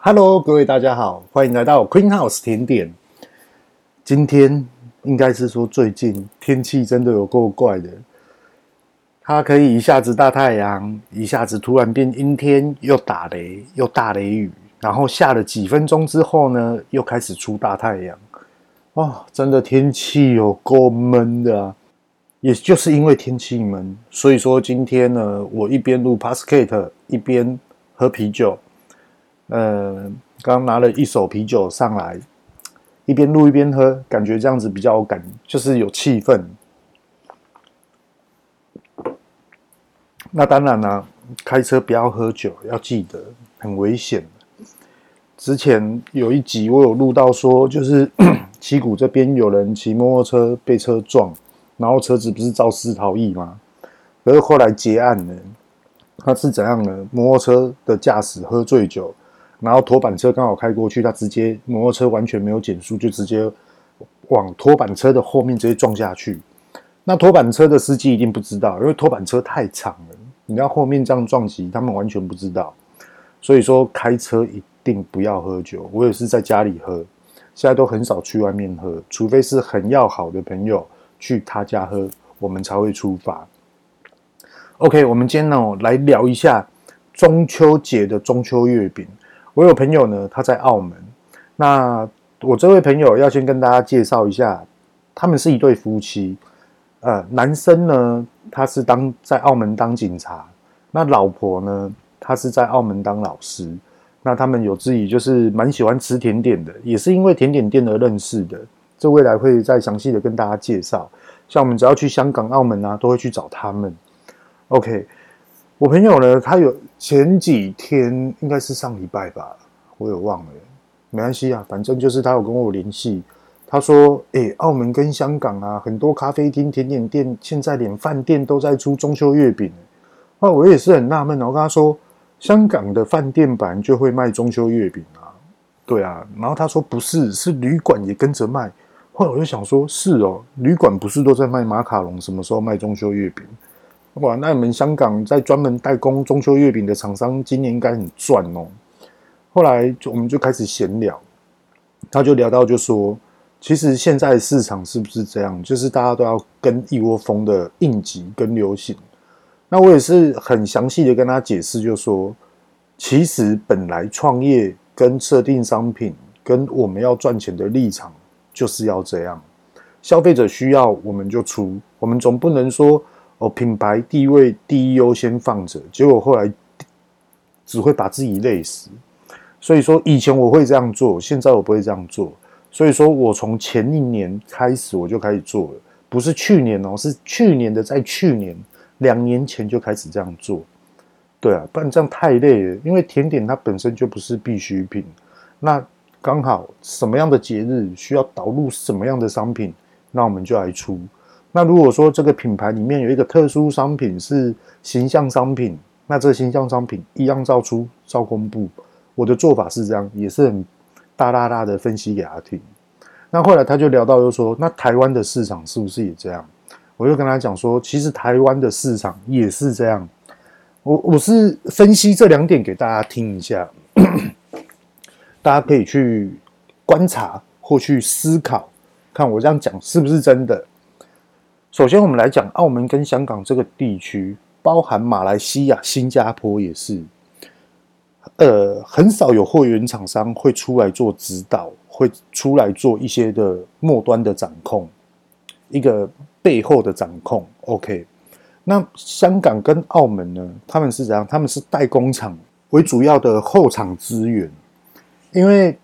Hello，各位大家好，歡迎來到 Queen House 甜點。今天應該是說最近天氣真的有夠怪的，它可以一下子大太陽，一下子突然變陰天，又打雷，又大雷雨，然後下了幾分鐘之後呢，又開始出大太陽。哦，真的天氣有夠悶的啊，也就是因為天氣悶，所以說今天呢，我一邊錄 Podcast，一邊喝啤酒。呃，剛拿了一手啤酒上來，一邊錄一邊喝，感覺這樣子比較有感，就是有氣氛。那當然了，啊，開車不要喝酒，要記得很危險。之前有一集我有錄到說，就是 旗鼓這邊有人騎摩托車被車撞，然後車子不是肇事逃逸嗎？可是後來結案了，他是怎樣的？摩托車的駕駛喝醉酒。然後拖板車剛好開過去，他直接摩托車完全沒有減速，就直接往拖板車的後面直接撞下去。那拖板車的司機一定不知道，因為拖板車太長了，你到後面這樣撞擊，他們完全不知道。所以說開車一定不要喝酒。我也是在家裡喝，現在都很少去外面喝，除非是很要好的朋友去他家喝，我們才會出發。OK，我們今天呢來聊一下中秋節的中秋月餅。我有朋友呢，他在澳門。那我這位朋友要先跟大家介紹一下，他們是一對夫妻。呃，男生呢，他是當在澳門當警察。那老婆呢，她是在澳門當老師。那他們有自己，就是蠻喜歡吃甜點的，也是因為甜點店而認識的。這未來會再詳細的跟大家介紹。像我們只要去香港、澳門啊，都會去找他們。OK。我朋友呢，他有前幾天應該是上禮拜吧，我有忘了，沒關係啊，反正就是他有跟我聯繫，他說，誒、欸，澳門跟香港啊，很多咖啡廳、甜點店，現在連飯店都在出中秋月餅，啊，我也是很納悶，然後跟他說，香港的飯店本就會賣中秋月餅啊，對啊，然後他說不是，是旅館也跟着賣，後來我就想說，是哦，旅館不是都在賣馬卡龍，什麼時候賣中秋月餅？哇，那你們香港在專門代工中秋月餅的廠商，今年應該很賺哦。後來就我們就開始閒聊，他就聊到就說，其實現在的市場是不是這樣，就是大家都要跟一窩蜂的應景跟流行。那我也是很詳細的跟他解釋，就說，其實本來創業跟設定商品跟我們要賺錢的立場就是要這樣，消費者需要我們就出，我們總不能說。哦，品牌地位第一優先放着，結果後來只會把自己累死。所以說，以前我會這樣做，現在我不會這樣做。所以說我從前一年開始我就開始做了，不是去年哦、喔，是去年的，在去年兩年前就開始這樣做。對啊，不然這樣太累了，因為甜點它本身就不是必需品。那剛好什麼樣的節日需要導入什麼樣的商品，那我們就來出。那如果說這個品牌裡面有一個特殊商品是形象商品，那這個形象商品一樣照出照公布。我的做法是這樣，也是很大大大的分析給他聽。那後來他就聊到又，就說那台灣的市場是不是也這樣？我就跟他講說，其實台灣的市場也是這樣。我我是分析這兩點給大家聽一下， 大家可以去觀察或去思考，看我這樣講是不是真的。首先，我們來講澳門跟香港這個地區，包含馬來西亞、新加坡也是，呃，很少有貨源廠商會出來做指導，會出來做一些的末端的掌控，一個背後的掌控。OK，那香港跟澳門呢，他們是怎樣？他們是代工廠為主要的後廠資源，因為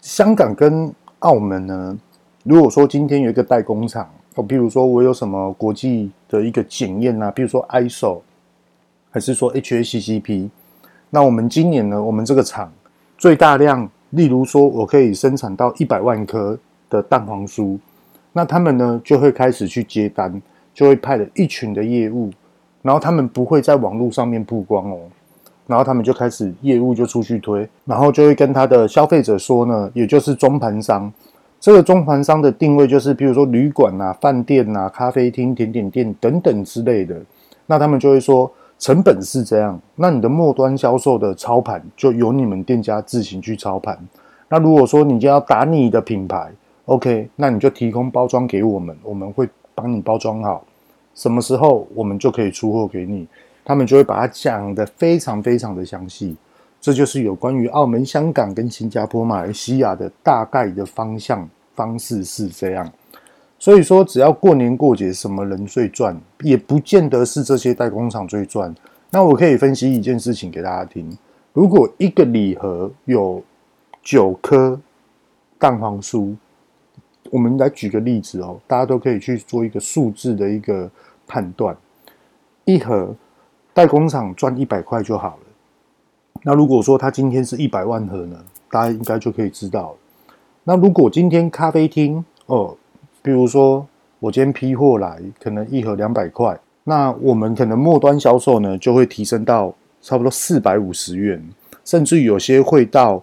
香港跟澳門呢，如果說今天有一個代工廠。我比如說，我有什麼國際的一個檢驗啊？比如說 ISO，還是說 HACCP？那我們今年呢？我們這個廠最大量，例如說，我可以生產到一百萬顆的蛋黃酥。那他們呢，就會開始去接單，就會派了一群的業務，然後他們不會在網絡上面曝光哦、喔，然後他們就開始業務就出去推，然後就會跟他的消費者說呢，也就是中盤商。這個中盤商的定位就是，比如說旅館吶、啊、飯店吶、啊、咖啡廳、甜點店等等之類的，那他們就會說成本是這樣，那你的末端銷售的操盤就由你們店家自行去操盤。那如果說你就要打你的品牌，OK，那你就提供包裝給我們，我們會幫你包裝好，什麼時候我們就可以出貨給你，他們就會把它講得非常非常的詳細。這就是有關於澳門、香港跟新加坡、馬來西亞的大概的方向方式是這樣，所以說，只要過年過節，什麼人最賺，也不見得是這些代工廠最賺。那我可以分析一件事情給大家聽：如果一個禮盒有九顆蛋黃酥，我們來舉個例子哦，大家都可以去做一個數字的一個判斷，一盒代工廠賺一百塊就好了。那如果說它今天是一百萬盒呢，大家應該就可以知道了。那如果今天咖啡廳哦，比如說我今天批貨來，可能一盒兩百塊，那我們可能末端銷售呢就會提升到差不多四百五十元，甚至有些會到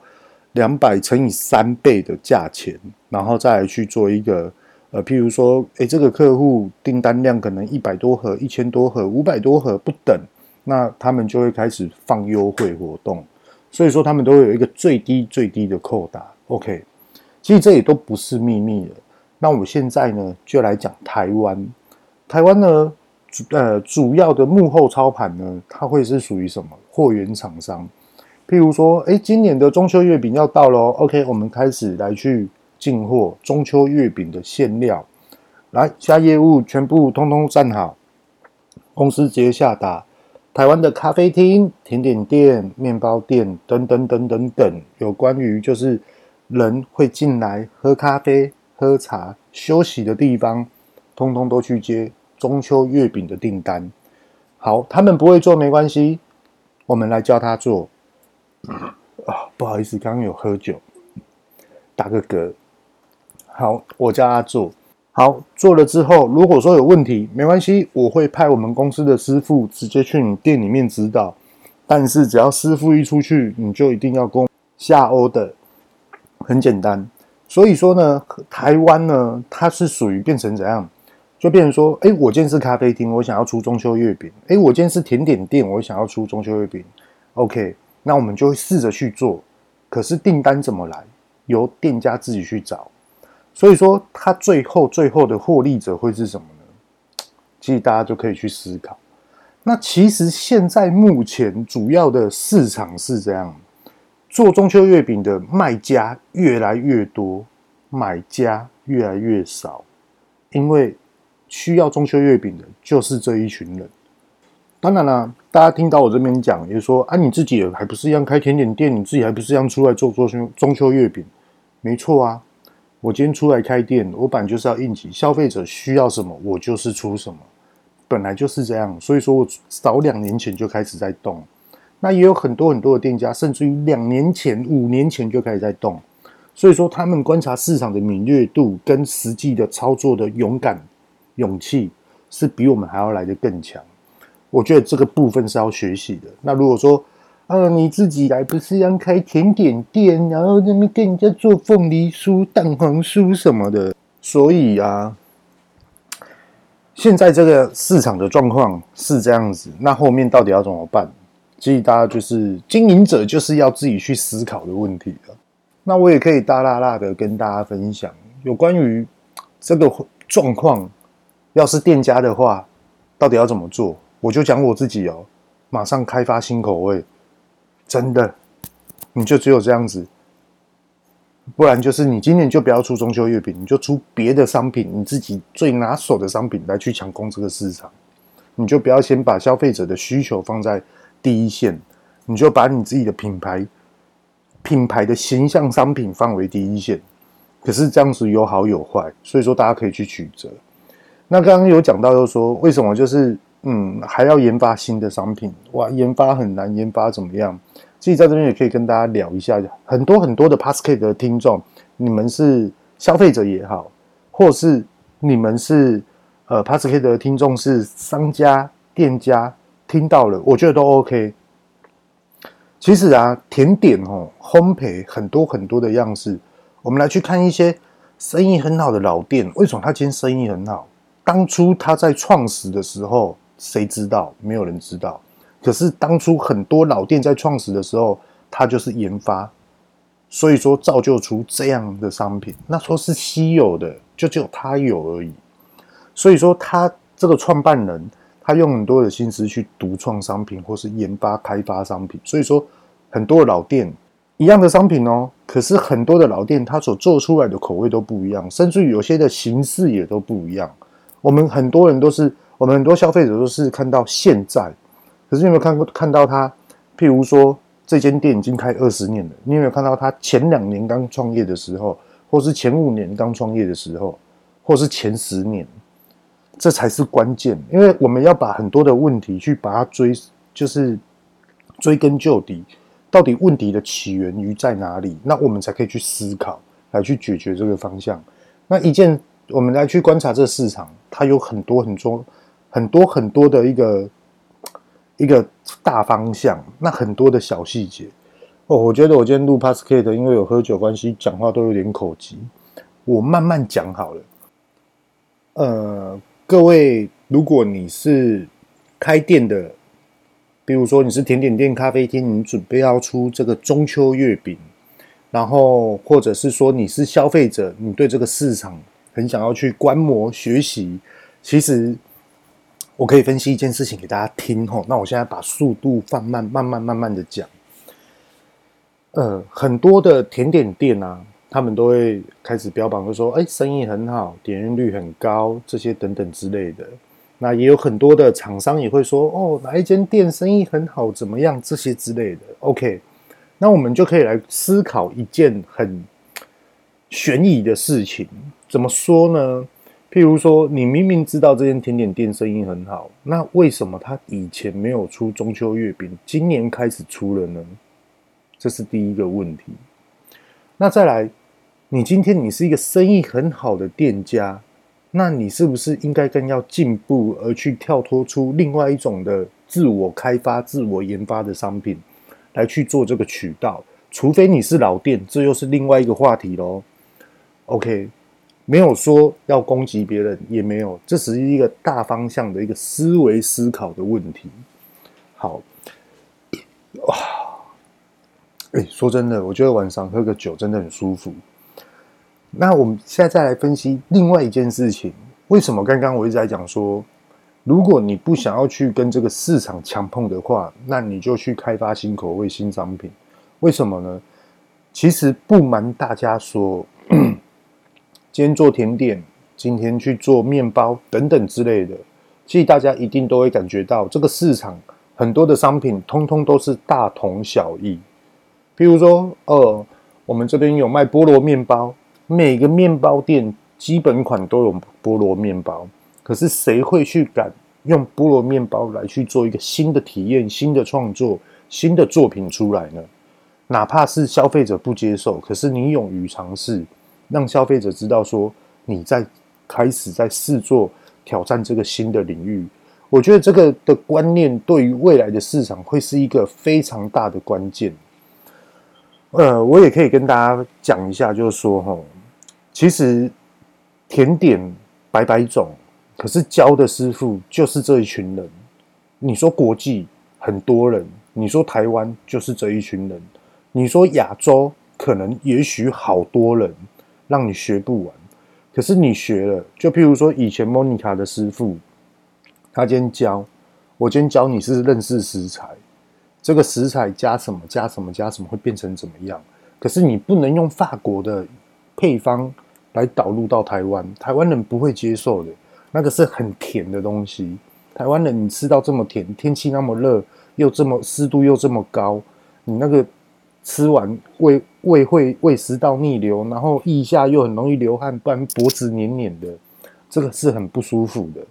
兩百乘以三倍的價錢，然後再來去做一個呃，譬如說，哎，這個客戶訂單量可能一百多盒、一千多盒、五百多盒不等。那他們就會開始放優惠活動，所以說他們都會有一個最低最低的扣打。OK，其實這也都不是秘密了。那我們現在呢，就來講台灣。台灣呢，呃，主要的幕後操盤呢，它會是屬於什麼貨源廠商？譬如說，誒，今年的中秋月餅要到咯，哦，OK，我們開始來去進貨中秋月餅的餡料，來，其他業務全部通通站好，公司直接下達，台灣的咖啡廳、甜點店、麵包店等等等等等，有關於就是人會進來喝咖啡、喝茶、休息的地方，通通都去接中秋月餅的訂單。好，他們不會做沒關係，我們來教他做。啊，不好意思，剛剛有喝酒，打個嗝。好，我教他做。好，做了之後，如果說有問題，沒關係，我會派我們公司的師傅直接去你店裡面指導。但是只要師傅一出去，你就一定要供 order 的，很簡單。所以說呢，台灣呢，它是屬於變成怎樣，就變成說，誒、欸，我今天是咖啡廳，我想要出中秋月餅，誒、欸，我今天是甜點店，我想要出中秋月餅。OK，那我們就會試着去做。可是訂單怎麼來？由店家自己去找。所以說，他最後最後的獲利者會是什麼呢？其實大家就可以去思考。那其實現在目前主要的市場是這樣：做中秋月餅的賣家越來越多，買家越來越少。因為需要中秋月餅的就是這一群人。當然了啊，大家聽到我這邊講，也說啊，你自己還不是一樣開甜點店？你自己還不是一樣出來做做中秋中秋月餅？沒錯啊。我今天出來開店，我本來就是要應急。消費者需要什麼，我就是出什麼，本來就是這樣。所以說我早兩年前就開始在動，那也有很多很多的店家，甚至於兩年前、五年前就開始在動。所以說他們觀察市場的敏銳度跟實際的操作的勇敢、勇氣是比我們還要來得更強。我覺得這個部分是要學習的。那如果說，啊、哦，你自己還不是要開甜點店，然後那邊跟人家做鳳梨酥、蛋黃酥什麼的。所以啊，現在這個市場的狀況是這樣子，那後面到底要怎麼辦？所以大家就是經營者，就是要自己去思考的問題了。那我也可以大剌剌的跟大家分享，有關於這個狀況，要是店家的話，到底要怎麼做？我就講我自己哦，馬上開發新口味。真的，你就只有這樣子，不然就是你今年就不要出中秋月餅，你就出別的商品，你自己最拿手的商品來去搶攻這個市場。你就不要先把消費者的需求放在第一線，你就把你自己的品牌、品牌的形象、商品放為第一線。可是這樣子有好有壞，所以說大家可以去取捨。那剛剛有講到，又說為什麼就是。嗯，還要研發新的商品哇！研發很難，研發怎麼樣？自己在這邊也可以跟大家聊一下。很多很多的 Podcast 的聽眾，你們是消費者也好，或是你們是呃 Podcast 的聽眾是商家店家，聽到了，我覺得都 OK。其實啊，甜點哦，烘焙很多很多的樣式，我們來去看一些生意很好的老店，為什麼他今天生意很好？當初他在創始的時候。誰知道？沒有人知道。可是當初很多老店在創始的時候，他就是研發，所以說造就出這樣的商品。那說是稀有的，就只有他有而已。所以說，他這個創辦人，他用很多的心思去獨創商品，或是研發開發商品。所以說，很多老店一樣的商品哦，可是很多的老店，他所做出來的口味都不一樣，甚至有些的形式也都不一樣。我們很多人都是。我們很多消費者都是看到現在，可是你有沒有看過看到他譬如說，這間店已經開二十年了，你有沒有看到他前兩年剛創業的時候，或是前五年剛創業的時候，或是前十年？這才是關鍵，因為我們要把很多的問題去把它追，就是追根究底，到底問題的起源於在哪裡？那我們才可以去思考來去解決這個方向。那一件，我們來去觀察這個市場，它有很多很多。很多很多的一個一個大方向，那很多的小細節哦。我覺得我今天錄 podcast，因為有喝酒關係，講話都有點口急。我慢慢講好了。呃，各位，如果你是開店的，比如說你是甜點店、咖啡廳，你準備要出這個中秋月餅，然後或者是說你是消費者，你對這個市場很想要去觀摩學習，其實。我可以分析一件事情給大家聽吼，那我現在把速度放慢，慢慢慢慢的講。呃，很多的甜點店啊，他們都會開始標榜，就說，哎、欸，生意很好，點閱率很高，這些等等之類的。那也有很多的廠商也會說，哦，哪一間店生意很好，怎麼樣，這些之類的。OK，那我們就可以來思考一件很懸疑的事情，怎麼說呢？譬如說，你明明知道這間甜點店生意很好，那為什麼他以前沒有出中秋月餅，今年開始出了呢？這是第一個問題。那再來，你今天你是一個生意很好的店家，那你是不是應該更要進步，而去跳脫出另外一種的自我開發、自我研發的商品，來去做這個渠道？除非你是老店，這又是另外一個話題嘍。OK。沒有說要攻擊別人，也沒有，這是一個大方向的一個思維思考的問題。好，哇，說真的，我覺得晚上喝個酒真的很舒服。那我們現在再來分析另外一件事情，為什麼剛剛我一直在講說，如果你不想要去跟這個市場強碰的話，那你就去開發新口味、新商品，為什麼呢？其實不瞞大家說。 今天做甜點，今天去做麵包等等之類的，所以大家一定都會感覺到，這個市場很多的商品通通都是大同小異。譬如說，呃，我們這邊有賣菠蘿麵包，每個麵包店基本款都有菠蘿麵包，可是誰會去敢用菠蘿麵包來去做一個新的體驗、新的創作、新的作品出來呢？哪怕是消費者不接受，可是你勇於嘗試。讓消費者知道，說你在開始在試做挑戰這個新的領域，我覺得這個的觀念對於未來的市場會是一個非常大的關鍵。呃，我也可以跟大家講一下，就是說，哈，其實甜點百百種，可是教的師傅就是這一群人。你說國際很多人，你說台灣就是這一群人，你說亞洲可能也許好多人。讓你學不完，可是你學了，就譬如說以前 Monica 的師傅，他今天教我，今天教你是認識食材，這個食材加什麼加什麼加什麼會變成怎麼樣？可是你不能用法國的配方來導入到台灣，台灣人不會接受的，那個是很甜的東西，台灣人你吃到這麼甜，天氣那麼熱又這麼濕度又這麼高，你那個。吃完胃胃會胃，胃食道逆流，然後腋下又很容易流汗，不然脖子黏黏的，這個是很不舒服的。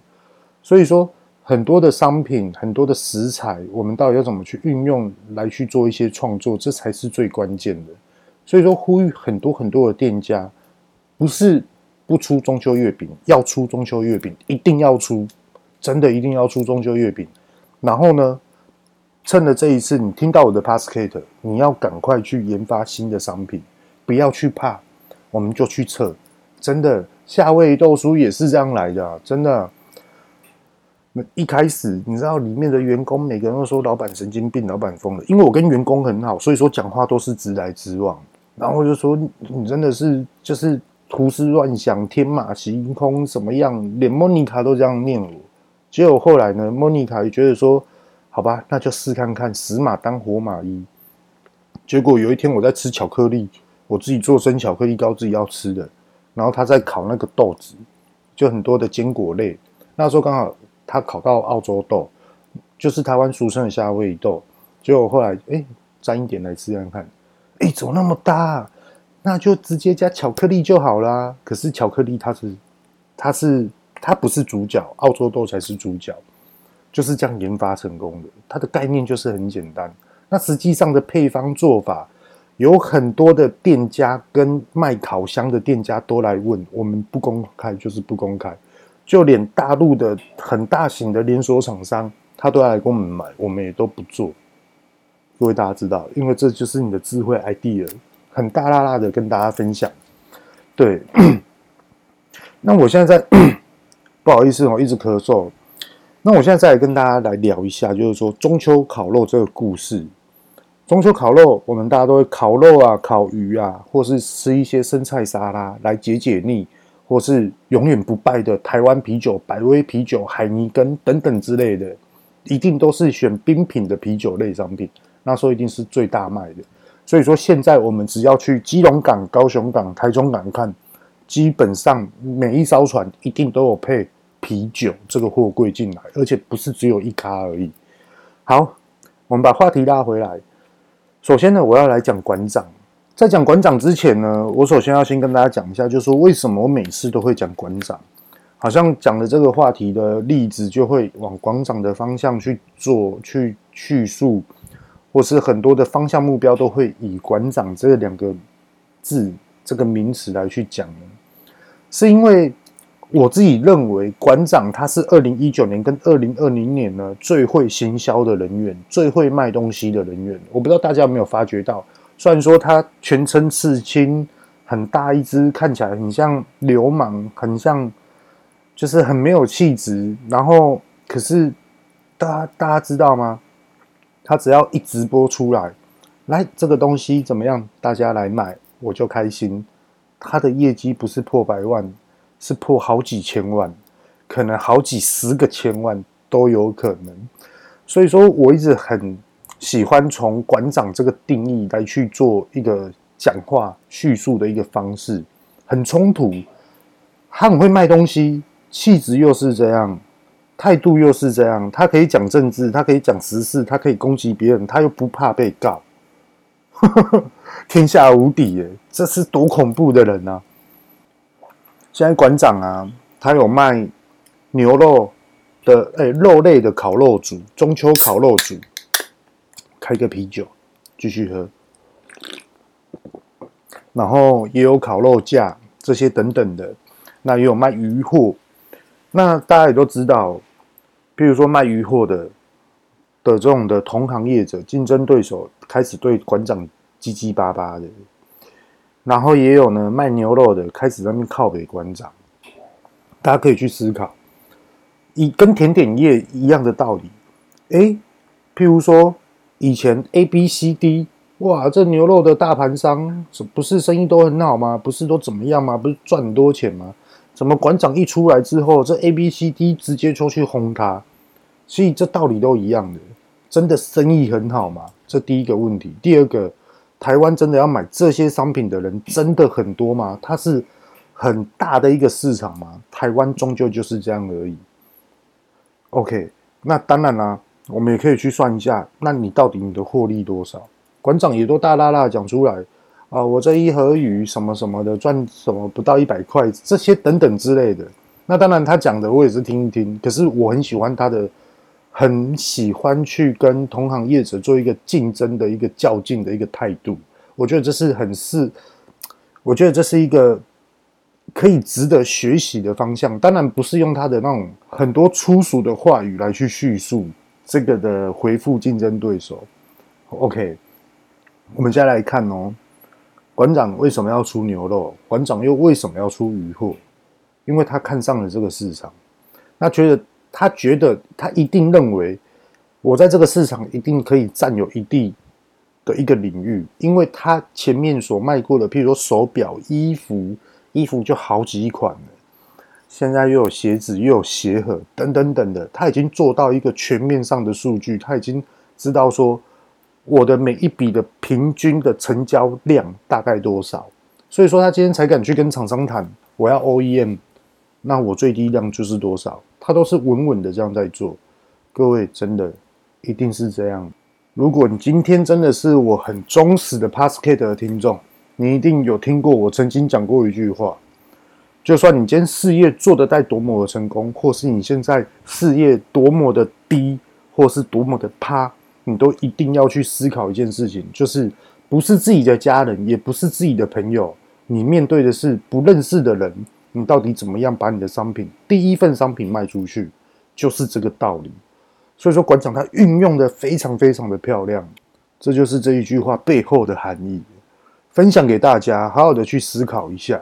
所以說，很多的商品，很多的食材，我們到底要怎麼去運用來去做一些創作，這才是最關鍵的。所以說，呼籲很多很多的店家，不是不出中秋月餅，要出中秋月餅，一定要出，真的一定要出中秋月餅。然後呢，趁着這一次，你聽到我的 podcast，你要趕快去研發新的商品，不要去怕，我們就去測。真的，夏威夷豆酥，也是這樣來的，啊，真的。一開始你知道裡面的員工每個人都說老闆神經病，老闆瘋了，因為我跟員工很好，所以說講話都是直來直往。然後我就說你真的是就是胡思亂想，天馬行空什麼樣，連莫妮卡都這樣念我。結果後來呢，莫妮卡也覺得說。好吧，那就試看看，死馬當活馬醫。結果有一天我在吃巧克力，我自己做生巧克力糕自己要吃的，然後他在烤那個豆子，就很多的堅果類。那時候剛好他烤到澳洲豆，就是台灣俗稱的夏威夷豆。結果後來哎，沾一點來吃看看，哎，怎麼那麼大啊？那就直接加巧克力就好啦。可是巧克力它是，它是，它不是主角，澳洲豆才是主角。就是這樣研發成功的，它的概念就是很簡單。那實際上的配方做法，有很多的店家跟賣烤箱的店家都來問，我們不公開就是不公開。就連大陸的很大型的連鎖廠商，他都要來跟我們買，我們也都不做。各位大家知道，因為這就是你的智慧 idea，很大剌剌的跟大家分享。對， 那我現在在 不好意思，我一直咳嗽。那我現在再來跟大家來聊一下，就是說中秋烤肉這個故事。中秋烤肉，我們大家都會烤肉啊、烤魚啊，或是吃一些生菜沙拉來解解膩，或是永遠不敗的台灣啤酒、百威啤酒、海尼根等等之類的，一定都是選冰品的啤酒類商品。那時候一定是最大賣的。所以說，現在我們只要去基隆港、高雄港、台中港看，基本上每一艘船一定都有配。啤酒這個貨櫃進來，而且不是只有一卡而已。好，我們把話題拉回來。首先呢，我要來講館長。在講館長之前呢，我首先要先跟大家講一下，就是說為什麼我每次都會講館長，好像講的這個話題的例子就會往館長的方向去做去敘述，或是很多的方向目標都會以館長這兩個字這個名詞來去講，是因為。我自己認為，館長他是二零一九年跟二零二零年呢，最會行銷的人員，最會賣東西的人員。我不知道大家有沒有發覺到，雖然說他全身刺青，很大一隻，看起來很像流氓，很像就是很沒有氣質。然後，可是大家大家知道嗎？他只要一直播出來，來這個東西怎麼樣？大家來買，我就開心。他的業績不是破百萬。是破好幾千萬，可能好幾十個千萬都有可能。所以說，我一直很喜歡從館長這個定義來去做一個講話敘述的一個方式。很衝突，他很會賣東西，氣質又是這樣，態度又是這樣。他可以講政治，他可以講時事，他可以攻擊別人，他又不怕被告， 天下無敵耶！這是多恐怖的人啊！現在館長啊，他有賣牛肉的，哎、欸，肉類的烤肉組，中秋烤肉組，開個啤酒，繼續喝。然後也有烤肉架這些等等的，那也有賣漁貨。那大家也都知道，譬如說賣漁貨的的這種的同行業者、競爭對手，開始對館長嘰嘰巴巴的。然後也有呢，賣牛肉的開始在那邊靠北館長，大家可以去思考，以跟甜點業一樣的道理，誒，譬如說以前 A B C D，哇，這牛肉的大盤商不是生意都很好嗎？不是都怎麼樣嗎？不是賺很多錢嗎？怎麼館長一出來之後，這 A B C D 直接就去轟他？所以這道理都一樣的，真的生意很好嗎？這第一個問題，第二個。台灣真的要買這些商品的人真的很多嗎？它是很大的一個市場嗎？台灣終究就是這樣而已。OK，那當然啦，啊，我們也可以去算一下，那你到底你的獲利多少？館長也都大剌剌講出來啊，我這一盒魚什麼什麼的賺什麼不到一百塊，這些等等之類的。那當然他講的我也是聽一聽，可是我很喜歡他的。很喜歡去跟同行業者做一個競爭的一個較勁的一個態度，我覺得這是很是，我覺得這是一個可以值得學習的方向。當然不是用他的那種很多粗俗的話語來去敘述這個的回覆競爭對手。OK，我們再來看哦，館長為什麼要出牛肉？館長又為什麼要出魚貨？因為他看上了這個市場，那覺得。他覺得，他一定認為我在這個市場一定可以佔有一定的一個領域，因為他前面所賣過的，譬如說手錶、衣服、衣服就好幾款了，現在又有鞋子，又有鞋盒，等等等的，他已經做到一個全面上的數據，他已經知道說我的每一筆的平均的成交量大概多少，所以說他今天才敢去跟廠商談，我要 OEM。那我最低量就是多少？它都是穩穩的這樣在做。各位真的一定是這樣。如果你今天真的是我很忠實的 Podcast 的聽眾，你一定有聽過我曾經講過一句話：就算你今天事業做得再多麼的成功，或是你現在事業多麼的低，或是多麼的趴，你都一定要去思考一件事情，就是不是自己的家人，也不是自己的朋友，你面對的是不認識的人。你到底怎麼樣把你的商品，第一份商品賣出去？就是這個道理。所以說，館長他運用的非常非常的漂亮，這就是這一句話背後的含義。分享給大家，好好的去思考一下。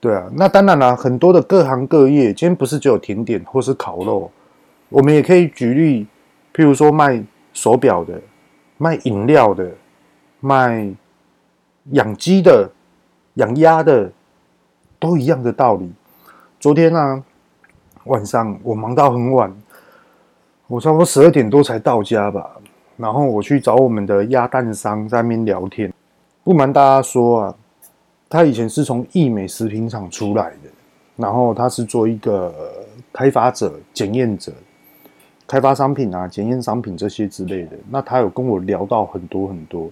對啊，那當然了啊，很多的各行各業，今天不是只有甜點或是烤肉，我們也可以舉例，譬如說賣手錶的、賣飲料的、賣養雞的、養鴨的。都一樣的道理。昨天啊，晚上我忙到很晚，我差不多十二點多才到家吧。然後我去找我們的鴨蛋商在那邊聊天。不瞞大家說啊，他以前是從義美食品廠出來的，然後他是做一個開發者、檢驗者、開發商品啊、檢驗商品這些之類的。那他有跟我聊到很多很多。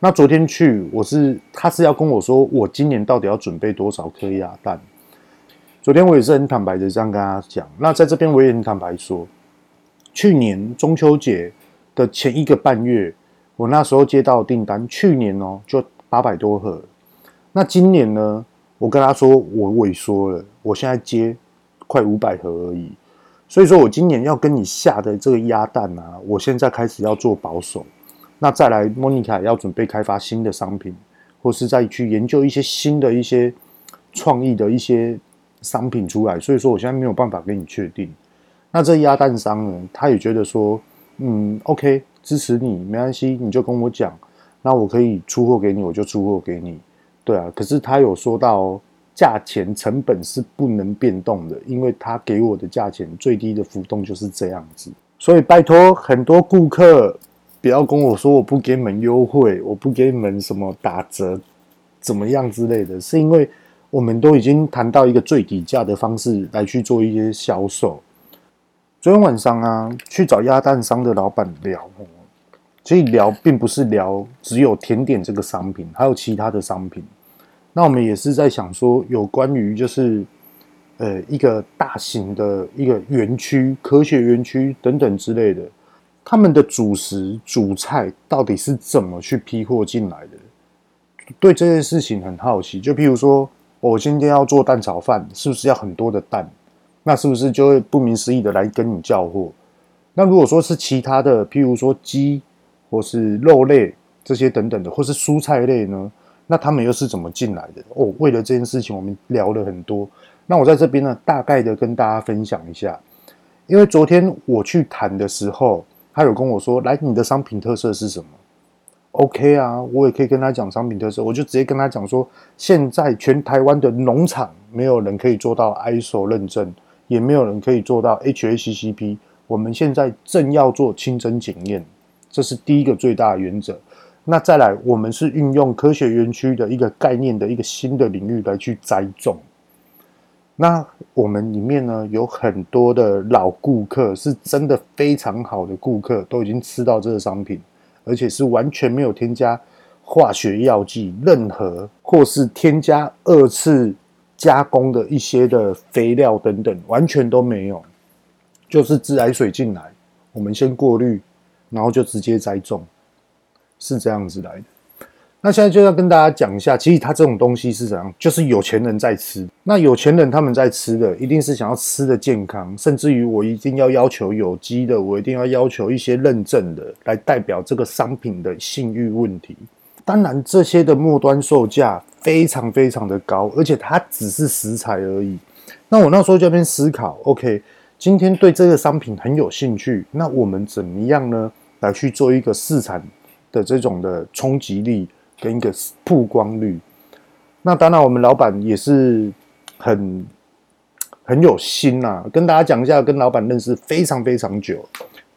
那昨天去，我是，他是要跟我說，我今年到底要準備多少顆鴨蛋？昨天我也是很坦白的這樣跟他講。那在這邊我也很坦白說，去年中秋節的前一個半月，我那時候接到訂單，去年哦、喔，就八百多盒。那今年呢，我跟他說我萎縮了，我現在接快五百盒而已。所以說我今年要跟你下的這個鴨蛋啊，我現在開始要做保守。那再來，莫妮卡要準備開發新的商品，或是再去研究一些新的一些創意的一些商品出來，所以說我現在沒有辦法跟你確定。那這鴨蛋商人他也覺得說，嗯，OK，支持你，沒關係，你就跟我講，那我可以出貨給你，我就出貨給你，對啊。可是他有說到，喔，價錢成本是不能變動的，因為他給我的價錢最低的浮動就是這樣子。所以拜托很多顧客。不要跟我說我不給你們優惠，我不給你們什麼打折，怎麼樣之類的。是因為我們都已經談到一個最低價的方式來去做一些銷售。昨天晚上啊，去找鴨蛋商的老闆聊，其實聊並不是聊只有甜點這個商品，還有其他的商品。那我們也是在想說，有關於就是呃一個大型的一個園區、科學園區等等之類的。他們的主食、主菜到底是怎麼去批貨進來的？對這件事情很好奇。就譬如說，哦、我今天要做蛋炒飯，是不是要很多的蛋？那是不是就會不明思議的來跟你叫貨？那如果說是其他的，譬如說雞或是肉類這些等等的，或是蔬菜類呢？那他們又是怎麼進來的？哦，為了這件事情，我們聊了很多。那我在這邊呢，大概的跟大家分享一下，因為昨天我去談的時候，他有跟我說：“來，你的商品特色是什麼？”OK 啊，我也可以跟他講商品特色。我就直接跟他講說：“現在全台灣的農場沒有人可以做到 ISO 認證，也沒有人可以做到 HACCP。我們現在正要做清真檢驗，這是第一個最大的原則。那再來，我們是運用科學園區的一個概念的一個新的領域來去栽種。”那我們裡面呢，有很多的老顧客，是真的非常好的顧客，都已經吃到這個商品，而且是完全沒有添加化學藥劑，任何或是添加二次加工的一些的肥料等等，完全都沒有，就是自來水進來，我們先過濾，然後就直接栽種，是這樣子來的。那現在就要跟大家講一下，其實它這種東西是怎樣，就是有錢人在吃。那有錢人他們在吃的，一定是想要吃的健康，甚至於我一定要要求有機的，我一定要要求一些認證的，來代表這個商品的信譽問題。當然，這些的末端售價非常非常的高，而且它只是食材而已。那我那時候就在那邊思考，OK，今天對這個商品很有興趣，那我們怎麼樣呢？來去做一個市場的這種的衝擊力。跟一個曝光率，那當然我們老闆也是很很有心吶、啊。跟大家講一下，跟老闆認識非常非常久，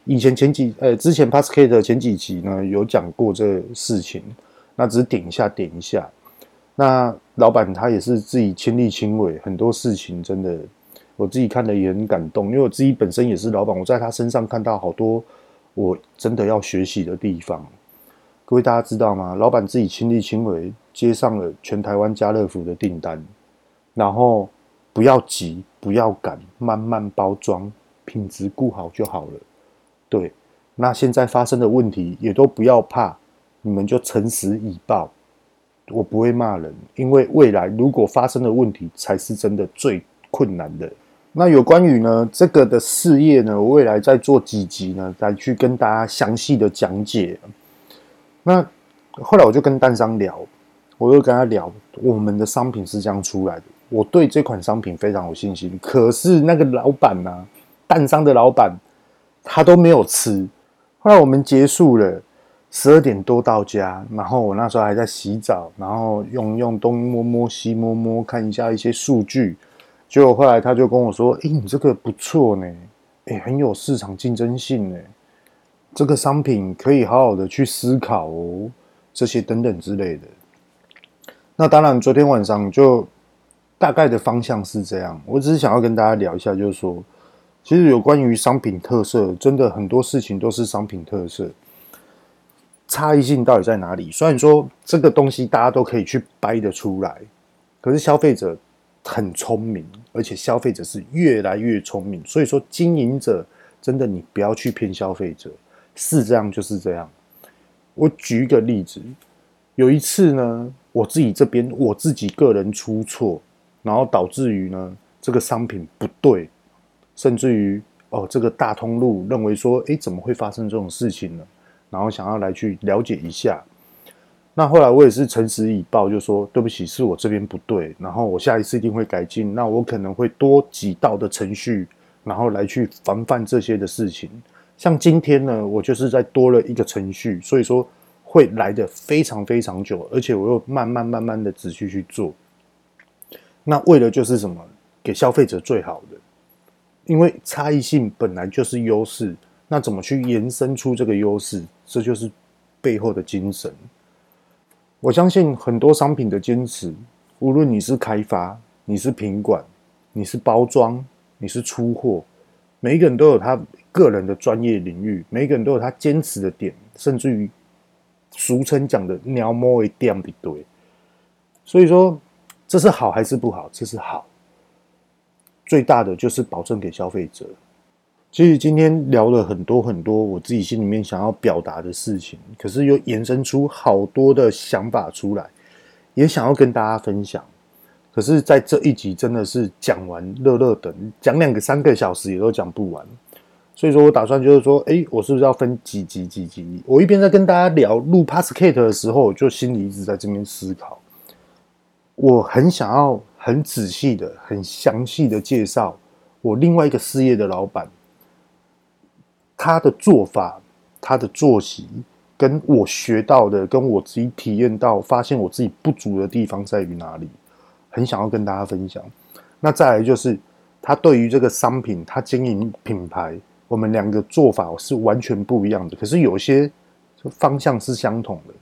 以前前幾呃，之前 p a s k g a t 的前幾集呢，有講過這事情，那只是點一下點一下。那老闆他也是自己親力親為，很多事情真的我自己看了也很感動，因為我自己本身也是老闆，我在他身上看到好多我真的要學習的地方。各位大家知道嗎？老闆自己親力親為接上了全台灣家樂福的訂單，然後不要急，不要趕，慢慢包裝，品質顧好就好了。對，那現在發生的問題也都不要怕，你們就誠實以報。我不會罵人，因為未來如果發生的問題才是真的最困難的。那有關於呢這個的事業呢，我未來再做幾集呢，來去跟大家詳細的講解。那後來我就跟蛋商聊，我就跟他聊我們的商品是這樣出來的。我對這款商品非常有信心，可是那個老闆呢、啊，蛋商的老闆他都沒有吃。後來我們結束了，十二點多到家，然後我那時候還在洗澡，然後用用東摸摸西摸摸看一下一些數據，結果後來他就跟我說：“誒、欸、你這個不錯呢、欸，誒、欸、很有市場競爭性呢、欸。”這個商品可以好好的去思考哦，這些等等之類的。那當然，昨天晚上就大概的方向是這樣。我只是想要跟大家聊一下，就是說，其實有關於商品特色，真的很多事情都是商品特色差異性到底在哪裡？雖然說這個東西大家都可以去掰得出來，可是消費者很聰明，而且消費者是越來越聰明，所以說經營者真的你不要去騙消費者。是這樣，就是這樣。我舉一個例子，有一次呢，我自己這邊我自己個人出錯，然後導致於呢這個商品不對，甚至於哦這個大通路認為說，誒，怎麼會發生這種事情呢？然後想要來去了解一下。那後來我也是誠實以報，就說對不起，是我這邊不對，然後我下一次一定會改進。那我可能會多幾道的程序，然後來去防範這些的事情。像今天呢，我就是在多了一個程序，所以說會來得非常非常久，而且我又慢慢慢慢的仔細去做。那為了就是什麼？給消費者最好的，因為差異性本來就是優勢，那怎麼去延伸出這個優勢？這就是背後的精神。我相信很多商品的堅持，無論你是開發，你是品管，你是包裝，你是出貨，每一個人都有他。個人的專業領域，每個人都有他堅持的點，甚至於俗稱講的“鳥摸一點比堆”。所以說，這是好還是不好？這是好，最大的就是保證給消費者。其實今天聊了很多很多，我自己心裡面想要表達的事情，可是又延伸出好多的想法出來，也想要跟大家分享。可是，在這一集真的是講完樂樂等講兩個三個小時也都講不完。所以說，我打算就是說，哎，我是不是要分幾集？幾集？我一邊在跟大家聊錄 podcast 的時候，我就心裡一直在這邊思考。我很想要很仔細的、很詳細的介紹我另外一個事業的老板，他的做法、他的作息，跟我學到的、跟我自己體驗到、發現我自己不足的地方在於哪裡，很想要跟大家分享。那再來就是，他對於這個商品，他經營品牌。我們兩個做法是完全不一樣的，可是有些方向是相同的，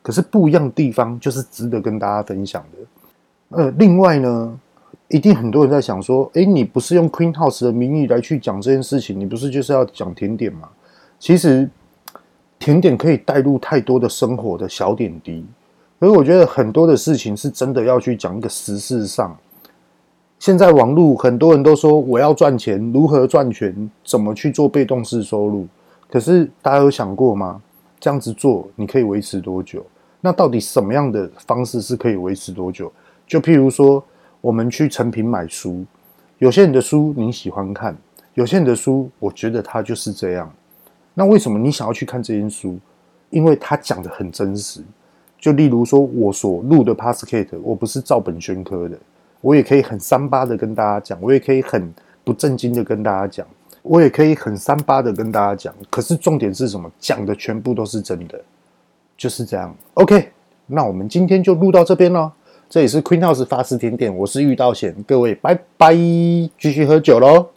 可是不一樣的地方就是值得跟大家分享的。呃，另外呢，一定很多人在想說，哎、欸，你不是用 Queen House 的名義來去講這件事情，你不是就是要講甜點嗎？其實甜點可以帶入太多的生活的小點滴，所以我覺得很多的事情是真的要去講一個實事上。現在網絡很多人都說我要賺錢，如何賺錢，怎麼去做被動式收入？可是大家有想過嗎？這樣子做，你可以維持多久？那到底什麼樣的方式是可以維持多久？就譬如說，我們去誠品買書，有些人的書你喜歡看，有些人的書，我覺得它就是這樣。那為什麼你想要去看這些書？因為他講的很真實。就例如說，我所錄的 Podcast，我不是照本宣科的。我也可以很三八的跟大家講，我也可以很不正經的跟大家講，我也可以很三八的跟大家講。可是重點是什麼？講的全部都是真的，就是這樣。OK，那我們今天就錄到這邊嘍。這裡是 Queen House 法式甜點，我是遇到賢，各位拜拜，繼續喝酒嘍。